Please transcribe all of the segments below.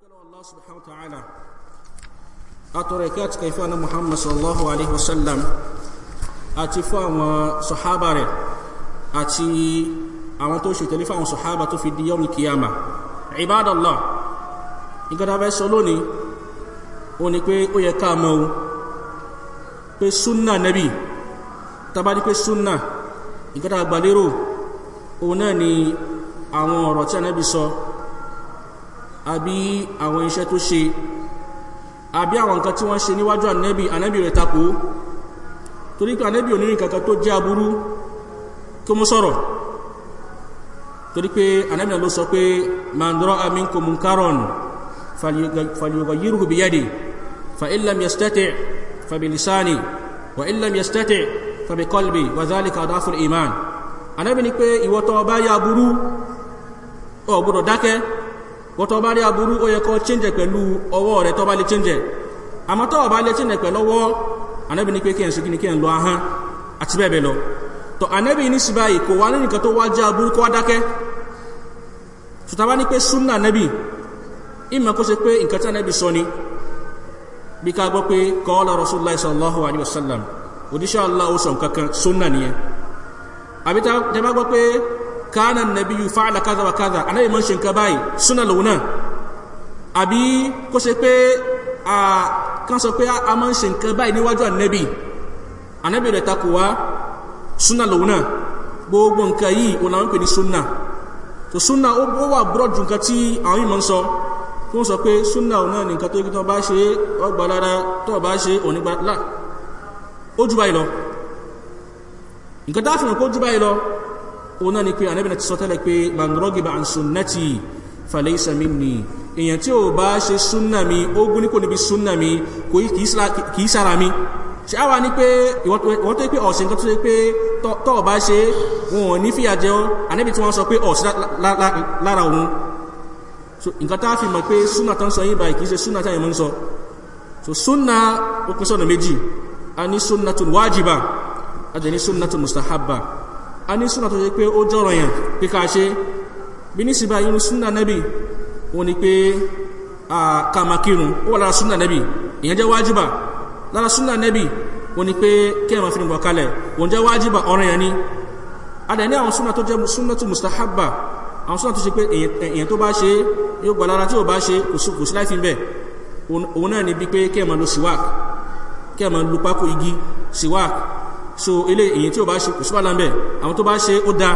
Allah subhanahu wa ta'ala atọrọ ìkẹ́ àti kẹfẹ́ ọ̀nà muhammad sallallahu alaihi wasallam àti fún àwọn sọ̀hábà rẹ̀ àti àwọn tó ṣètẹ̀lé fún àwọn sọ̀hábà tó fi di yọ́mù kìyàmà ibadallah ìgbàdàbẹ́ sọ lónìí ó ní pé ó nabi tabadi pé súnà ìgbàdàgbàlérò òun náà ni nabi sọ so, àbí àwọn iṣẹ́ tó ṣe àbí àwọn nǹkan tí wọ́n ṣe níwájú ànẹ́bì ànẹ́bì rẹ̀ takò torí pé ànẹ́bì onírin kankan tó jẹ́ aburú kó mú sọ̀rọ̀ torí pé ànẹ́bì náà ló sọ pé mandoro amin kò mú kárọ̀n fàlìyọ̀gọ̀ yírùkù bí yẹ́dì fa ilẹ̀ miestẹ́tẹ̀ fàbìlìsáni wa ilẹ̀ miestẹ́tẹ̀ fàbìkọlbì wàzálì kàdáfùl iman ànẹ́bì ni pé ìwọ́tọ̀ bá yá aburú ọ̀ gbọ́dọ̀ dákẹ́ wọ́n tọ́ bá rí aburú ó yẹ kó change pẹ̀lú ọwọ́ rẹ̀ tọ́ bá lè change àmọ́ tọ́ bá lè change pẹ̀lú ọwọ́ anábì ní pé kí ẹ̀ ṣe kí ni kí ẹ̀ lọ ahán àti bẹ́ẹ̀ bẹ́ẹ̀ lọ tọ́ anábì ní sí báyìí kò wá ní nǹkan tó wá jẹ́ aburú kó wá dákẹ́ sùtá bá ní pé súnà anábì ìmọ̀ kó ṣe pé nǹkan tí anábì sọ ni bí ká gbọ́ pé kọ́ọ́lá rasulullah sallallahu alayhi wa sallam òdíṣẹ́ allah ó sọ nǹkan kan súnà nìyẹn àbí tá bá gbọ́ pé kana nabiyu fa'ala kaza wa kaza anabi man ṣe nǹkan báyìí súnà lòun náà àbí kó ṣe pé kan sọ pé a máa ń ṣe nǹkan báyìí níwájú ànábì ànábì rẹ̀ takò wá súnà lòun náà gbogbo nǹkan yìí òun làwọn ń pè ní súnà tó súnà ó wà búrọ̀ ju nǹkan tí àwọn yìí máa ń sọ tí wọ́n sọ pé súnà òun náà nìkan tó yẹ kí tó bá ṣe ọgbà lára tó bá ṣe òní ju báyìí lọ nǹkan tá a fi ju báyìí lọ òun náà ni pé ànábìnà ti sọ tẹ́lẹ̀ pé mandrogi bá ń sunnati falaysa minni èèyàn tí ò bá ṣe súnà mi ó gún ní kò níbi súnà mi kò kì í sára mi ṣe á wà ní pé ìwọ́n tó pé ọ̀sìn tó ṣe pé tọ́ ọ̀bá ṣe wọn ò ní fìyà jẹun ànábì tí wọ́n sọ pé ọ̀sìn lára so nǹkan tá a fi mọ̀ pé súnà tán sọ yín báyìí kì í ṣe súnà táyẹ̀ mọ́ ń sọ so súnà ó pín sọ́nà méjì a ní súnà tó wájibà a jẹ́ ní súnà tó mustahabba a ní súnà tó ṣe pé ó jọ̀rọ̀ yàn pé ká ṣe bí ní síbá irun súnà nẹ́bì wọn ni pé kàmàkírun ó wà lára súnà nẹ́bì ìyẹn jẹ́ wájúbà lára súnà nẹ́bì wọn ni pé kí ẹ̀ máa fi nìkan kalẹ̀ wọn jẹ́ wájúbà ọ̀rọ̀ yàn ni a dẹ̀ ní àwọn súnà tó jẹ́ súnà tó mustahabba àwọn súnà tó ṣe pé èèyàn tó bá ṣe yóò gbà lára tí ò bá ṣe kò sí láì fi bẹ̀ òun náà ni bí pé kí ẹ̀ máa lo siwak kí ẹ̀ máa lo pákó igi siwak so ilé èyí tí ò bá ṣe kò síbà lábẹ́ àwọn tó bá ṣe ó da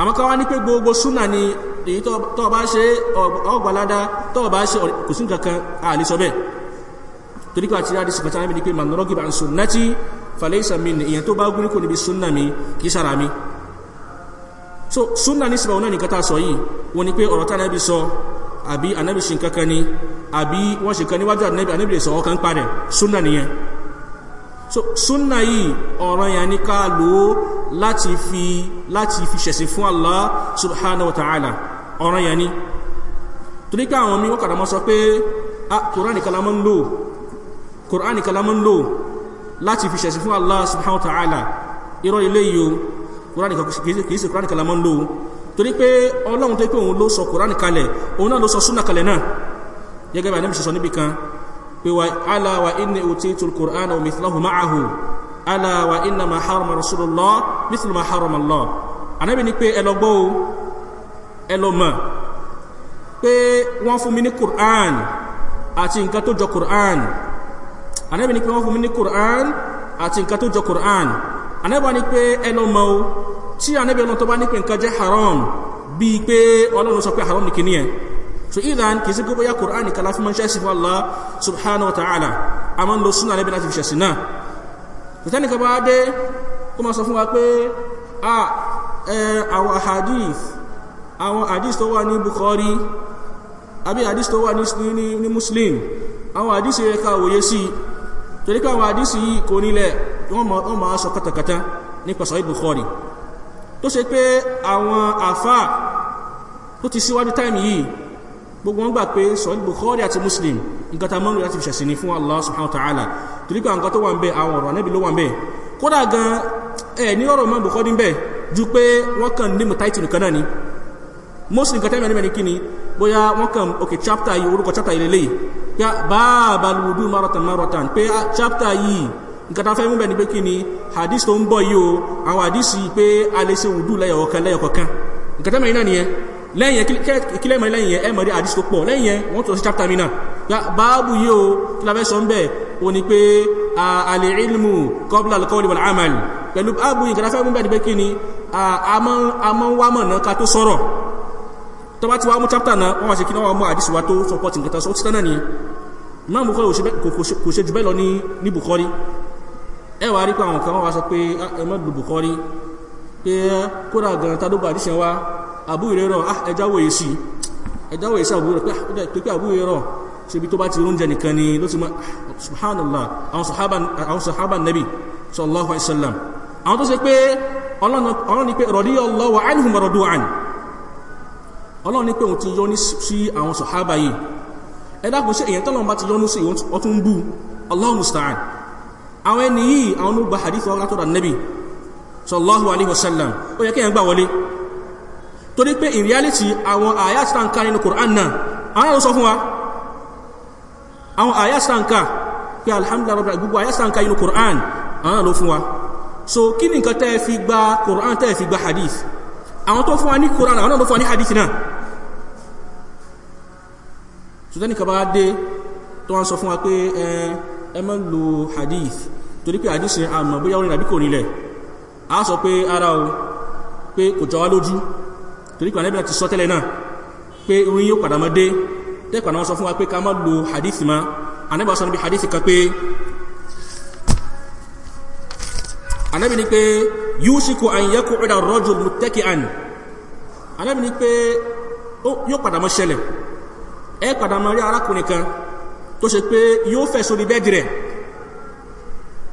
àmọ́ ká wá ní pé gbogbo súnà ni èyí tó bá ṣe ọgbàládá tó bá ṣe kò sí nǹkan kan àlè sọ bẹ́ẹ̀ torí pé àti rí àdìsí kàtà ní pé manorogi bá ń sùn náti falẹ̀ ìsàmì ni èyàn tó bá gúrí kò níbi súnà mi kì í sára mi so súnà ní síbà náà nìkan tá a sọ yìí wọ́n ni pé ọ̀rọ̀ tá anábì sọ àbí anábì ṣe ni àbí wọ́n ṣe kan níwájú anábì sọ ọkàn parẹ̀ súnà nìyẹn so súnà yìí ọ̀ràn yà ní ká lò ó láti fi láti fi ṣẹ̀sìn fún Allah subhanahu wa ta'ala ọ̀ràn yà ní torí pé àwọn mi wọ́n kàdà mọ́ sọ pé ah kùránì kalamọ́ ń lò kùránì kalamọ́ ń lò láti fi ṣẹ̀sìn fún Allah subhanahu wa ta'ala irọ́ ilé yìí o kùránì kìí ṣe kùránì kalamọ́ ń lò torí pé ọlọ́run tó pé òun ló sọ kùránì kalẹ̀ òun náà ló sọ súnà kalẹ̀ náà gẹ́gẹ́ bí àdébìsọ̀ níbi kan pé wa ala wa inni utitul qur'ana wa mithlahu ma'ahu ala wa inna ma harama rasulullah mithlu ma harama allah anabi ni pé ẹ lọ gbọ́ o ẹ lọ mọ̀ pé wọ́n fún mi ní qur'an àti nǹkan tó jọ qur'an anabi ni pé wọ́n fún mi ní qur'an àti nǹkan tó jọ qur'an anabi ni pé ẹ lọ mọ̀ o tí anabi ọlọ́run bá ní pé nǹkan jẹ́ haram bíi pé ọlọ́run sọ pé haram ni kìíní so idan kì í sí pé bóyá kùránì kan láfi mọ́ ṣẹ́sì fún allah subhanahu wa ta'ala a máa ń lo súnà níbi láti fi ṣẹ̀sì náà tòtẹ́nì kan bá dé ó máa sọ fún wa pé àwọn hadith àwọn hadith tó wà ní bukhari àbí hadith tó wà ní muslim àwọn hadith yẹ ká wòye sí torí pé àwọn hadith yìí kò nílẹ̀ wọ́n máa sọ katakata nípa sọ bukhari tó ṣe pé àwọn àfáà tó ti síwájú táìmì yìí gbogbo wọn gbà pé sọ́ọ́lì bukhari àti muslim nǹkan ta mọ́rin láti fi ṣẹ̀sìn ní fún allah subhanahu wa ta'ala torí pé nǹkan tó wà ń bẹ àwọn ọ̀rọ̀ anábì ló wà ń bẹ kódà gan ẹ ní ọ̀rọ̀ mọ́ bukhari ń bẹ ju pé wọ́n kàn ní mutaiti nìkan náà ni muslim kan tẹ́mẹ̀ẹ́ nímẹ̀ẹ́ kíni bóyá wọ́n kàn ok chapter yìí orúkọ chapter yìí lélẹ́yìí pé báàbà lùdú maratan maratan pé chapter yìí nǹkan ta fẹ́ mú bẹ́ẹ̀ ni pé kíni hadith tó ń bọ̀ yìí o àwọn hadith yìí pé a lè ṣe wùdú lẹ́yọ̀kọ̀kan lẹ́yọ̀kọ̀kan nǹkan tẹ́mẹ̀ẹ́ náà nìyẹn lẹ́yìn kílẹ̀ mọ̀ lẹ́yìn ẹ mọ̀rí àdísò pọ̀ lẹ́yìn wọ́n tó sí chapter mina báàbù yìí o kí la fẹ́ sọ ń bẹ̀ o ni pé al-ilmu qabla al-qawli wal-amal pẹ̀lú báàbù yìí kìlá fẹ́ mú bẹ́ẹ̀ kí ni amọ́wámọ̀ náà ká tó sọ̀rọ̀ tó bá ti wá mú chapter náà wọ́n wá sí kí wọ́n mú àdísò wa tó support nǹkan tó ti tánà ni máa mú kọ́ kò ṣe jù bẹ́ẹ̀ lọ ní Bukhari ẹ wá rí pé àwọn kan wọ́n wá sọ pé ah, ẹ mọ́ Bukhari pé ah, kódà gan-an tá ló gbà àdísò wa àbú ìrẹ́rọ̀ ẹjáwò yìí sí ẹjáwò yìí sí àbú ìrẹ́rọ̀ pé ah, àbú ìrẹ́rọ̀ ṣe bí tó bá ti rúnjẹ nìkan ni ló ti mọ́ ah, subhanallah àwọn sahaba nabi sallallahu alaihi wasallam àwọn tó ṣe pé ọlọ́run ni pé radiyallahu anhum radu an ọlọ́run ni pé òun ti yọ ní sí àwọn sahaba yìí ẹ dákun ṣe èyàn tọ́lọ́run bá ti yọ ní sí ọtún bú Allahu musta'an gbà wọlé torí pé in reality àwọn àyàtàǹkà nínú Qur'an náà àwọn àwọn sọ fún wa àwọn àyàtàǹkà pé alhamdulillah rabbil gbogbo àyàtàǹkà nínú Qur'an àwọn ló fún wa so kí ni nǹkan tẹ́ fi gba Qur'an tẹ́ fi gba hadith àwọn tó fún wa ní Qur'an àwọn náà ló fún wa ní hadith náà sùtẹ́nì kaba dé tó wọ́n sọ fún wa pé ẹ má lo hadith torí pé hadith àmọ́ bóyá orin àbí kò nílẹ̀ a sọ pé ara o pé kò jọ wá lójú torí pé anábìlá ti sọ tẹ́lẹ̀ náà pé irun yóò padà mọ́ dé tẹ́pà náà sọ fún wa pé ká má lo hadith ma anábìlá sọ níbi hadith kan pé anábìlá pé yushiku an yaku'uda rajul muttaki'an anábìlá pé yóò padà mọ́ ṣẹlẹ̀ ẹ padà mọ́ rí arákùnrin kan tó ṣe pé yóò fẹ́ sórí bẹ́ẹ̀dì rẹ̀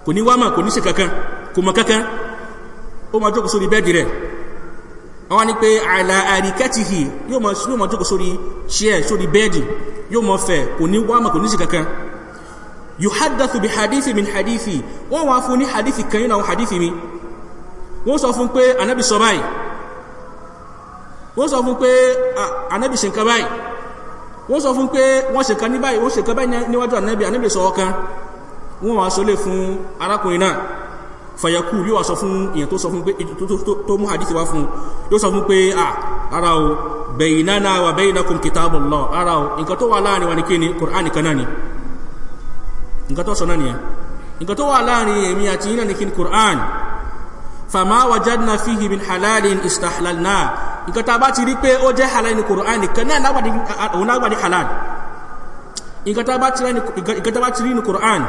kò ní wá mà kò ní ṣe kankan kò mọ̀ kankan ó máa jókòó sórí bẹ́ẹ̀dì rẹ̀ wọ́n ní pé àìlà àríkẹ́tìhì yóò mọ̀ jókòó sórí ṣíẹ̀ sórí bẹ́ẹ̀dì yóò mọ̀ fẹ̀ kò ní wámọ̀ kò ní sí kankan yuhaddathu bi hadithi min hadithi wọ́n wá fún ní hadithi kan yínà àwọn hadithi mi wọ́n sọ fún pé anábì sọ báyìí wọ́n sọ fún pé anábì ṣe nǹkan báyìí wọ́n sọ fún pé wọ́n ṣe nǹkan ní báyìí fàyẹ̀kú yóò wá sọ fún èèyàn tó sọ fún pé tó mú hadith wá fún yóò sọ fún pé à ara o baynana wa baynakum kitabullah ara o nǹkan tó wà láàrin wa ní kí ni Qur'an kan náà ni nǹkan tó sọ náà nìyẹn nǹkan tó wà láàrin èmi àti yín náà ní kí ni Qur'an fama wajadna fihi min halalin istahlalna nǹkan tá a bá ti rí pé ó jẹ́ halal ní Qur'an nìkan náà lágbàdí halal nǹkan tá a bá ti rí ní Qur'an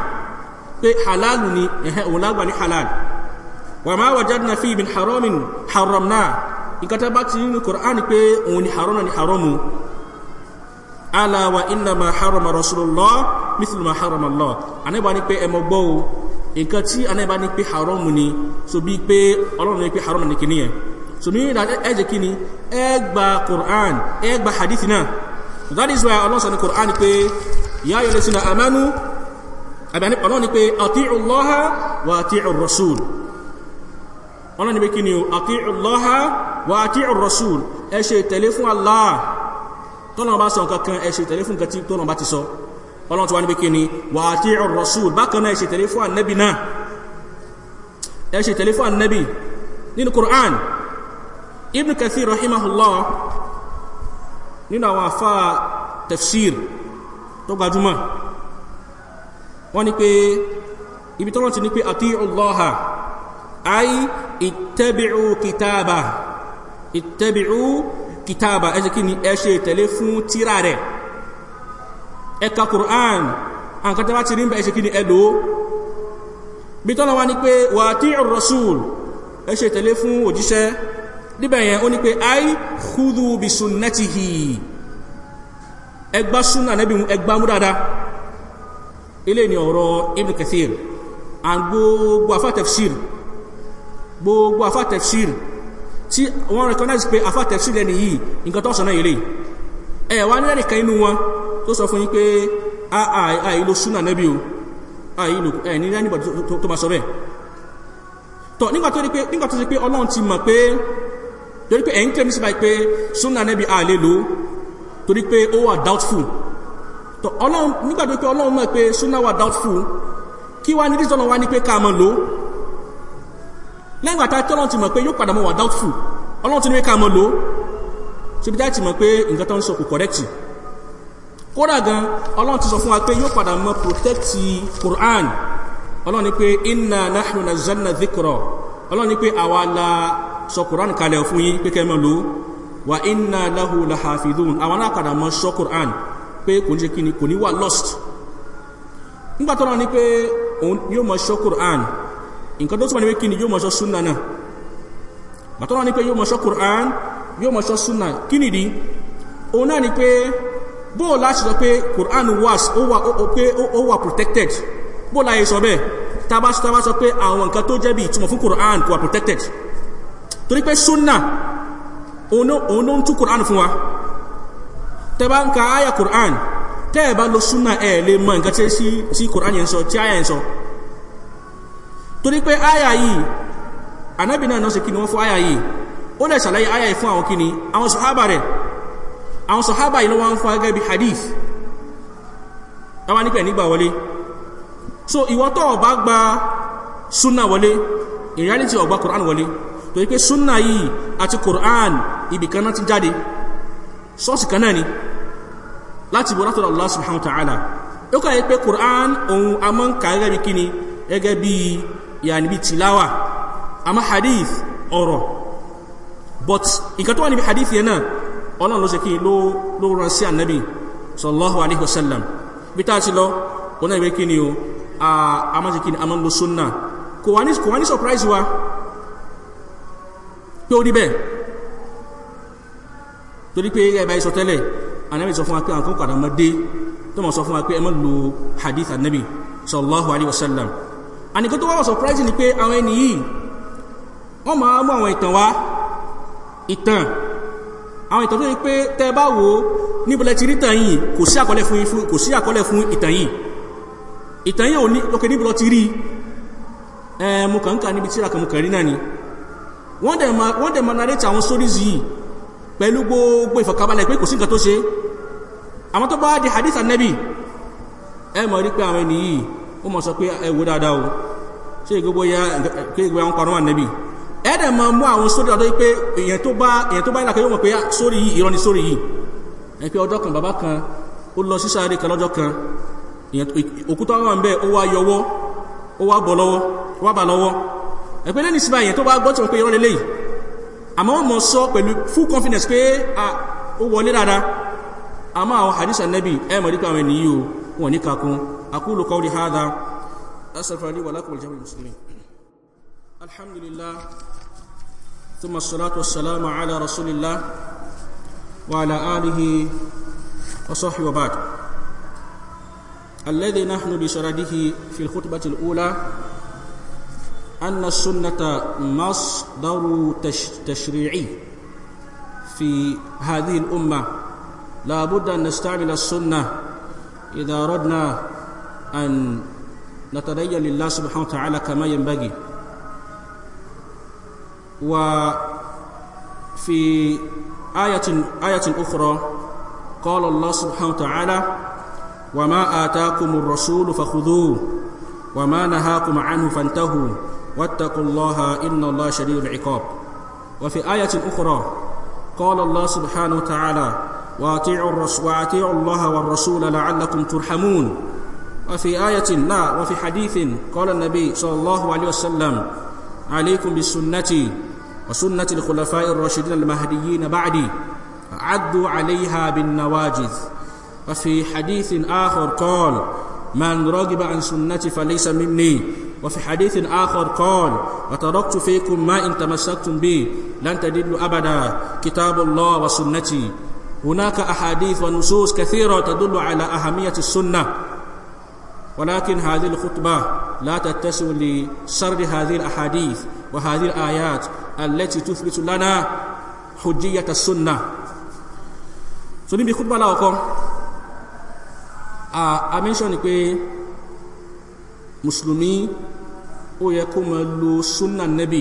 pé halalu ni ẹ̀hẹ́ òun lágbà ní halal wà máa wàjádìí na fi ibi haramin haram náà nǹkan tá bá ti nínú kòrán pé òun ni haram náà ni haramu ala wa inna ma harama rasulullah mithlu ma harama allah anẹ́bà ni pé ẹmọ gbọ́ o nǹkan tí anẹ́bà ni pé haramu ni so bí pé ọlọ́run ni pé haramu ni kìíní yẹn so ní ìdájọ́ ẹ̀jẹ̀ kìíní ẹ gba kòrán ẹ gba hadith náà that is why ọlọ́sàn ni kòrán pé yáyọ̀ lẹ́sìn amanu àbáni ọlọ́run ni pé ati'u Allaha wa ati'u ar-rasul ọlọ́run ni pé kí ni o ati'u Allaha wa ati'u ar-rasul ẹ ṣe ìtẹ̀lé fún Allah tọ́nà bá sọ nǹkan kan ẹ ṣe ìtẹ̀lé fún nǹkan tí tọ́nà bá ti sọ ọlọ́run ti wá ní pé kí ni wọ́n ní pé ibi tọ́lọ́ ti ní pé atiu Allaha ay ittabi'u kitaba ittabi'u kitaba ẹ ṣe kí ni ẹ ṣe ìtẹ̀lé fún tírà rẹ̀ ẹ ka Qur'an àǹkan tẹ́lá ti rí bẹ́ẹ̀ ṣe kí ni ẹ lò ó bí tọ́lọ́ wa ní pé wa atiu rasul ẹ ṣe ìtẹ̀lé fún òjíṣẹ́ níbẹ̀ yẹn ó ní pé ay khudhu bi sunnatihi ẹgbá súnà nẹ́bí ẹgbá mú dáadáa ilé ni ọ̀rọ̀ ibn kathir and gbogbo afá tafsir gbogbo afá tafsir tí wọ́n recognize pé afá tafsir lẹ́ni yìí nǹkan tó sọ̀nà ilé ẹ̀ wá ní ẹnìkan inú wọn tó sọ fún yín pé àìlò súnà nẹ́bí o àìlò ẹ̀ ní ẹnìbọ̀ tó bá sọ bẹ́ẹ̀ tọ̀ nígbà tó rí pé ọlọ́run ti mọ̀ pé torí ẹ̀ doubtful tọ ọlọ́run nígbàgbé pé ọlọ́run mọ̀ pé súnà wà doubtful kí wá ní dísọ́nà wá ní pé ká mọ̀ lò ó lẹ́yìn àtà tí ọlọ́run ti mọ̀ pé yóò padà mọ̀ wà doubtful ọlọ́run ti ní pé ká mọ̀ lò ó ṣe bí dáìtì mọ̀ pé nǹkan tó ń sọ kò correct kódà gan ọlọ́run ti sọ fún wa pé yóò padà mọ̀ protect Quran ọlọ́run ní pé inna nahnu nazzalna dhikra ọlọ́run ní pé àwa la sọ Quran kalẹ̀ fún yín pé kẹ́ mọ̀ lò ó wa inna lahu lahafidhun àwọn alákàdà mọ̀ sọ Quran pé kò ní ṣe kíni kò ní wà lost nígbà tó náà ni pé òun yóò mọ ṣọ́ Qur'an nǹkan tó túmọ̀ ní pé kíni yóò mọ ṣọ́ sunna náà bàtà náà ni pé yóò mọ ṣọ́ Qur'an yóò mọ ṣọ́ sunna kíni di òun náà ni pé bóò láti sọ pé Qur'an was ó wà pé ó wà protected bóò láyé sọ bẹ́ẹ̀ tába tába sọ pé àwọn nǹkan tó jẹ́ bí ìtumọ̀ fún Qur'an kò wà protected torí pé sunna òun ló ń tú Qur'an fún wa tẹ́ bá ń ka aya Qur'an tẹ́ lo súnà ẹ̀ lè mọ nǹkan tí Qur'an yẹn sọ tí aya yẹn sọ torí pé aya yìí anabi náà nọ́ọ̀sì kíni wọ́n fún aya yìí ó lè ṣàlàyé aya yìí fún àwọn kíni àwọn sọ̀hábà rẹ̀ àwọn sọ̀hábà yìí ló wá ń fún agẹ́bí hadith ẹwà nípẹ̀ nígbà wọlé so ìwọ tó o bá gba súnà wọlé in reality o Qur'an wọlé torí pé súnà yìí àti Qur'an ibìkan náà ti jáde sọ́ọ̀sì kan náà ni láti bọ́ látọ̀dọ̀ Allah subhanahu wa ta'ala ó kà yí pé Qur'an òun a máa ń kà gẹ́gẹ́ bí kíni gẹ́gẹ́ bí yàní bí tìláwà àmọ́ hadith ọ̀rọ̀ but nǹkan tó wà níbi hadith yẹn náà ọlọ́run ló ṣe kí ló ló rán sí ànábì sallallahu alayhi wa sallam bí tá a ti lọ òun náà ìwé kí o a máa ṣe kí a máa ń lo sunna kò wá ní surprise wa pé ó rí torí pé ẹ bá yẹ sọ tẹ́lẹ̀ anabi sọ fún wa pé àwọn kan padà máa dé tó mọ̀ sọ fún wa pé ẹ má lo hadith anabi sallallahu alayhi wa sallam àníkan tó wá wọ́n surprise ni pé àwọn ẹni yìí wọ́n máa mú àwọn ìtàn wá ìtàn àwọn ìtàn tó yẹ pé tẹ́ bá wo níbẹ̀lẹ̀ ti rí tàn yìí kò sí àkọlẹ̀ fún kò sí àkọlẹ̀ fún ìtàn yìí ìtàn yìí ò ní lókè níbẹ̀lẹ̀ ti rí ẹ mo kàn ń kà níbi tíra kan mo kàn rí náà ni wọ́n dẹ̀ máa narrate àwọn stories yìí pẹ̀lú gbogbo ìfọ̀kabalẹ̀ pé kò sí nǹkan tó ṣe àwọn tó bá di hadith anabi ẹ mọ̀ rí pé àwọn ẹni yìí ó mọ̀ sọ pé ẹ wò dáadáa o ṣé ìgbogbo ya pé ìgbogbo àwọn parọ́ anabi ẹ dẹ̀ máa mú àwọn sórí ọ̀dọ́ pé èèyàn tó bá èèyàn tó bá ìlàkẹ́ yóò mọ̀ pé ah, sórí yìí irọ́ ni sórí yìí ẹ pé ọjọ́ kan bàbá kan ó lọ sí sáré kan lọ́jọ́ kan òkúta wà ń bẹ́ẹ̀ ó wá yọwọ́ ó wá bọ̀ lọ́wọ́ ó wá bà lọ́wọ́ ẹ pé lẹ́nu ìsinmi tó bá gbọ́ tí wọ́n pé irọ́ lélẹ́yìí àmọ́ wọ́n mọ̀ sọ pẹ̀lú full confidence pé ah, ó wọlé dáadáa àmọ́ àwọn hadith annabi ẹ mọ̀ nípa àwọn ènìyàn o wọn ní kakún aqulu qawli hadha astaghfiru li wa lakum wal jami'il muslimin alhamdulillah thumma salatu wassalamu ala rasulillah wa ala alihi wa أن السنة مصدر تشريعي في هذه الأمة لا بد أن نستعمل السنة إذا أردنا أن نتدين لله سبحانه وتعالى كما ينبغي وفي آية, آية أخرى قال الله سبحانه وتعالى وما آتاكم الرسول فخذوه وما نهاكم عنه فانتهوا واتقوا الله إن الله شديد العقاب وفي آية أخرى قال الله سبحانه وتعالى وأطيعوا, الرس وأطيعوا الله والرسول لعلكم ترحمون وفي آية لا وفي حديث قال النبي صلى الله عليه وسلم عليكم بسنتي وسنة الخلفاء الراشدين المهديين بعدي عدوا عليها بالنواجذ وفي حديث آخر قال من رغب عن سنتي فليس مني وفي حديث آخر قال وتركت فيكم ما إن تمسكتم به لن تدلوا أبدا كتاب الله وسنتي هناك أحاديث ونصوص كثيرة تدل على أهمية السنة ولكن هذه الخطبة لا تتسع لسرد هذه الأحاديث وهذه الآيات التي تثبت لنا حجية السنة سنبي خطبة لكم آه أمنشوني mùsùlùmí ó yẹ kó máa lo súnà nẹ́bì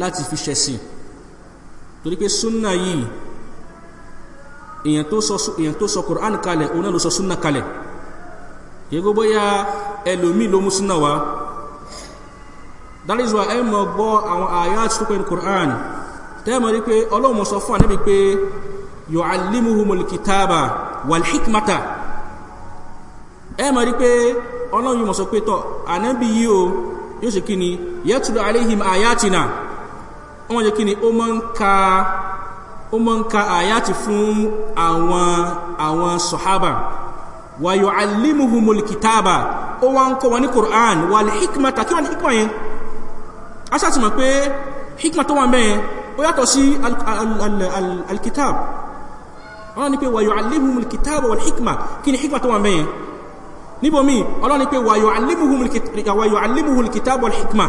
láti fi ṣẹ̀sìn torí pé súnà yìí èèyàn tó sọ èèyàn tó sọ Qur'an kalẹ̀ òun náà ló sọ súnà kalẹ̀ kì í gbogbo ya ẹlòmíì ló mú súnà wá that is why ẹ mọ̀ gbọ́ àwọn àyà àti tó ní Qur'an tẹ́ẹ̀mọ̀ rí pé ọlọ́run sọ fún ànábì pé yu'allimuhumul kitaba wal hikmata ẹ mọ̀ rí pé ọlọ́run yóò mọ̀ sọ pé tọ́ ànábì yìí o yóò ṣe kí ni yẹtùlọ aléhìm àyátìnà wọ́n ṣe kí ni ó mọ́ ń ka ó mọ́ ń ka àyátì fún àwọn àwọn sọ̀hábà wàyọ̀ alímuhumul kìtàbà ó wá ń kọ́ wọn ní quran wà lè hikma tàkí wọn ní hikma yẹn a ṣáà ti mọ̀ pé hikma tó wà mẹ́yẹn ó yàtọ̀ sí alkitab wọ́n ní pé wàyọ̀ alímuhumul kìtàbà wà lè hikma kí ni hikma tó wà mẹ́yẹn níbòmí ọlọ́run ni pé wàyọ̀ alímùhùn kìtàbọ̀ hikma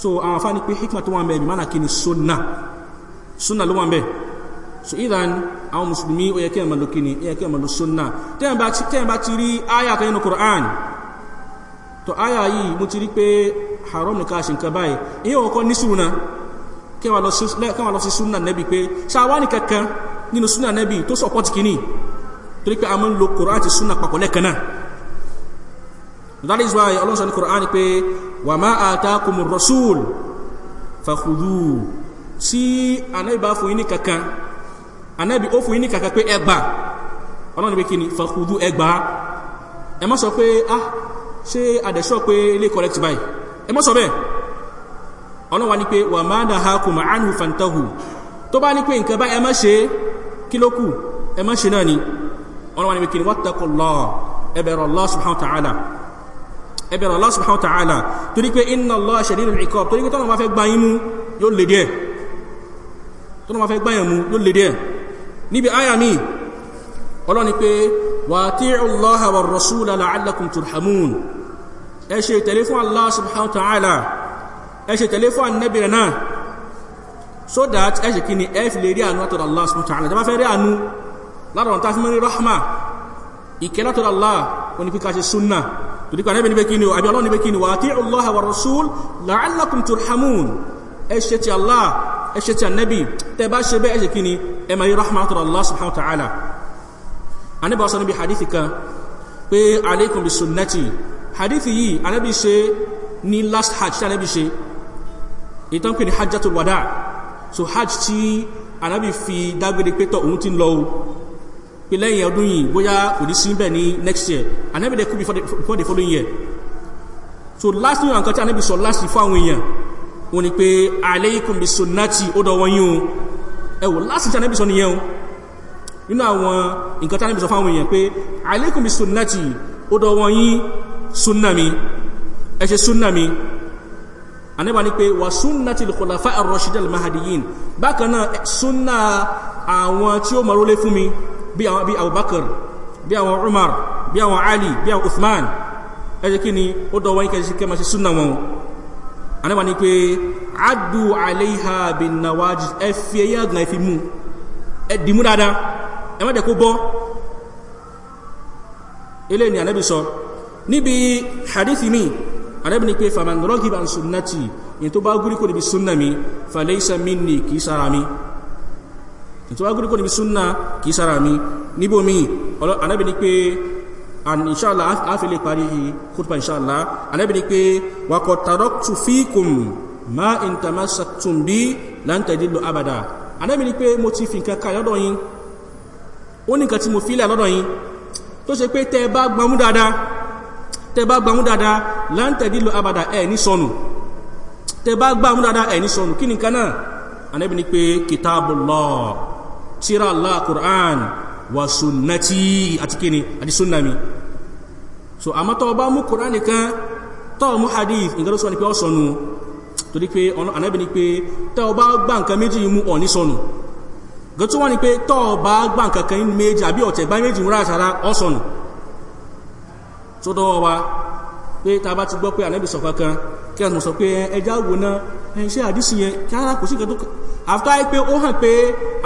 so àwọn afá ni pé hikma tó wọ́n bẹ̀ bí mánà kí ni sunna sunna ló wọ́n bẹ̀ so idan àwọn musulmi ó yẹ kí ẹ̀mọ̀ ló kí ni ó yẹ kí ẹ̀mọ̀ ló sunna tẹ́yìn bá ti rí aya kan nínú Qur'an tó aya yìí mo ti rí pé haram ni ká ṣe nǹkan báyìí ìyẹn ò kọ́ ní sunna kẹwàá lọ sí sunna nẹ́bi pé ṣáwá ni kankan nínú sunna nẹ́bi tó support kìíní torí pé a máa ń lo Qur'an àti sunna papọ̀ lẹ́ẹ̀kan náà that is why Allah sọ ní Qur'an pé wa ma atakum ar-rasul fakhudhu tí anábì bá fún yín ní kankan anábì ó fún yín ní kankan pé ẹgbà ọlọ́run pé kí ni fakhudhu ẹgbà ẹ má sọ pé ah ṣé adẹ̀ṣọ́ pé ilé correct báyìí ẹ má sọ bẹ́ẹ̀ ọlọ́run wá ní pé wa ma nahakum anhu fantahu tó bá ní pé nǹkan bá ẹ má ṣe kí ẹ má ṣe náà ni ọlọ́wọ́n ni kìnnì wattaqullah ẹbẹ̀rọ Allah subhanahu wa ta'ala ẹbẹ̀rọ Allah subhanahu wa ta'ala torí pé inna Allah shadidul iqab torí pé tọ́nà máa fẹ́ gbá yín mú yóò lè díẹ̀ tọ́nà máa fẹ́ gbá yín mú yóò lè díẹ̀ níbi àyà mi ọlọ́ni pé wa ati'u so that ẹ ṣe kí ni ẹ fi lè rí àánú àtọ̀dọ̀ Allah subhanahu wa ta'ala tẹ́ bá fẹ́ rí àánú lára wọn tásí mẹ́rin rahma ìkẹ́ látọ̀dọ̀ Allah wọn ni fi káṣe sunna torí pé anábì níbẹ̀ kí ni o àbí ọlọ́run níbẹ̀ kí ni wà á tí Allah wa rasul la'allakum turhamun ẹ ṣe ti Allah ẹ ti anábì tẹ bá ṣe bẹ́ẹ̀ ẹ kí ni ẹ máa rí rahma látọ̀dọ̀ fi dágbére pé òun ti ń lọ pé lẹ́yìn ọdún yìí bóyá kò ní sí bẹ́ẹ̀ ní next year anabi dẹ̀ kú before the following year so last year nǹkan tí anabi sọ last year fún àwọn èèyàn wọn ni pé aleikum bi sunnati ó dọ̀wọ́ yín o ẹ wò last year anabi sọ nìyẹn o nínú àwọn nǹkan tí anabi sọ fún àwọn èèyàn pé aleikum bi sunnati ó dọ̀wọ́ yín sunnami ẹ ṣe sunnami anẹ́bà ní pé wà súnnà tí lùkọ̀láfà ar-rashidil mahadiyin bákan náà súnnà àwọn tí ó mọ̀rólé fún mi bí àwọn bí abubakar bí àwọn umar bí àwọn ali bí àwọn uthman ẹjẹ́ kí ni ó dọ̀wọ́ yí kẹsí kẹma sí súnà wọn anábà ní pé adu aléha bin nawaji ẹ fi ẹyẹ àgàn ẹ fi mú ẹ dìmú dáadáa ẹ má jẹ́ kó bọ́ ilé ni anábì sọ níbi hadithi mi anábì ní pé faman rọ́gìbà sunnati yìí tó bá gúrí kò níbi súnà mi falaysa minni kì í sára mi ìtura gúrí kò níbi súnà kìí sára mi níbòmí anábì ní pé inṣàlá àfi lè parí kúrpà inṣàlá anábì ní pé wakọ̀ taraktu fikum ma in tamassaktum bi lan tadillu abada anábì ní pé mo ti fi nǹkan ká lọ́dọ̀ yín ó ní nǹkan tí mo fílẹ̀ lọ́dọ̀ yín tó ṣe pé tẹ́ bá gbọmú dáadáa tẹ́ bá gbọmú dáadáa lan tadillu ẹ̀ ní sọnù tẹ́ bá gbọmú dáadáa ẹ̀ ní sọnù kí ni nǹkan náà anábì ní pé kitabullah tíra Allah Qur'an wa sunnati àti kíni àti sunna mi so àmọ́ tó bá mú Qur'an nìkan tó mú hadith nǹkan tó sọ ni pé ó sọnù torí pé ọ̀nà ànábì ni pé tó bá gbá nǹkan méjì mú ọ̀ ní sọnù gan tó wọ́n ni pé tó bá gbá nǹkan kan nínú méjì àbí ọ̀tẹ̀ bá méjì múra àṣàrà ẹ̀ṣẹ́ àdísì yẹn kí ara kò sí nǹkan tó àfitá yìí pé ó hàn pé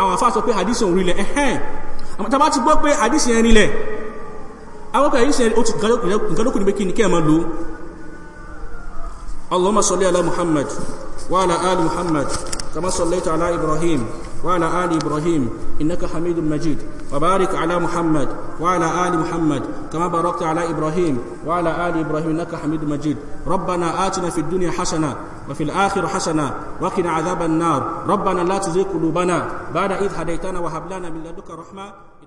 àwọn àfáà sọ pé àdísì òun rinlẹ̀ ẹ̀hẹ́n àmọ́ tàbá ti gbọ́ pé àdísì yẹn rinlẹ̀ àwọn kan àdísì yẹn ó ti nǹkan lókùn níbi kí ni kí ẹ máa lò Allahumma salli ala Muhammad wa ala ali Muhammad kama sallaita ala Ibrahim وعلى آل إبراهيم إنك حميد مجيد وبارك على محمد وعلى آل محمد كما باركت على إبراهيم وعلى آل إبراهيم إنك حميد مجيد ربنا آتنا في الدنيا حسنة وفي الآخرة حسنة وقنا عذاب النار ربنا لا تزغ قلوبنا بعد إذ هديتنا وهب لنا من لدنك رحمة